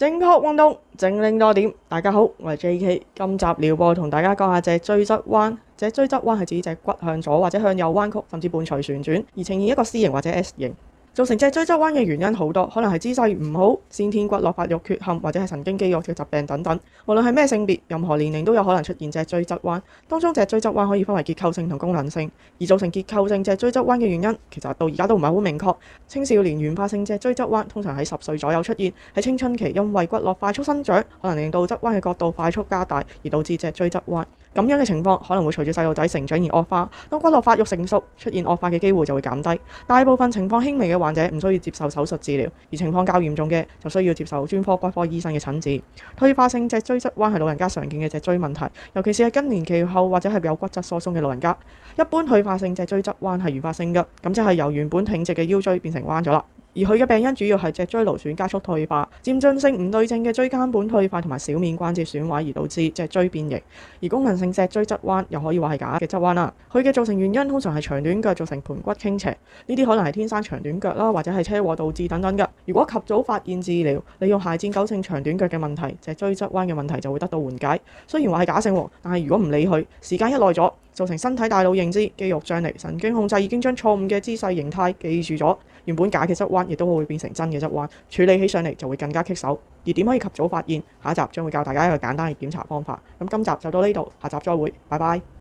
正確運動，整理多點。大家好，我係 J K。今集療播同大家講下脊椎側彎。脊椎側彎係指脊柱向左或者向右彎曲，甚至伴隨旋轉，而呈現一個 C 型或者 S 型。造成脊椎側彎嘅原因好多，可能係姿勢唔好、先天骨骼發育缺陷或者係神經肌肉嘅疾病等等。無論係咩性別、任何年齡都有可能出現脊椎側彎。當中脊椎側彎可以分為結構性同功能性。而造成結構性脊椎側彎嘅原因，其實到而家都唔係好明確。青少年原發性脊椎側彎通常喺十歲左右出現，喺青春期因為骨骼快速生長，可能令到側彎嘅角度快速加大，而導致脊椎側彎。咁樣嘅情況可能會隨住細路仔成長而惡化。當骨骼發育成熟，出現惡化嘅機會就會減低。大部分情況輕微嘅。患者唔需要接受手術治療，而情況較嚴重嘅就需要接受專科骨科醫生嘅診治。退化性脊椎側彎係老人家常見嘅脊椎問題，尤其是係更年期後或者係有骨質疏鬆嘅老人家。一般退化性脊椎側彎係原發性嘅，咁即係由原本挺直嘅腰椎變成彎咗啦。而佢嘅病因主要係脊椎勞損加速退化、漸進性唔對症嘅椎間盤退化同埋小面關節損壞而導致脊椎變形。而功能性脊椎側彎又可以話係假嘅側彎啦。佢嘅造成原因通常係長短腳造成盆骨傾斜，呢啲可能係天生長短腳啦，或者係車禍導致等等嘅。如果及早發現治療，利用鞋墊糾正長短腳嘅問題，脊椎側彎嘅問題就會得到緩解。雖然話係假性，但係如果唔理佢，時間一耐咗，造成身體大腦認知、肌肉張力、神經控制已經將錯誤嘅姿勢形態記住咗。原本假嘅側彎亦都會變成真嘅側彎，處理起上嚟就會更加棘手。而點可以及早發現？下一集將會教大家一個簡單嘅檢查方法。咁今集就到呢度，下集再會，拜拜。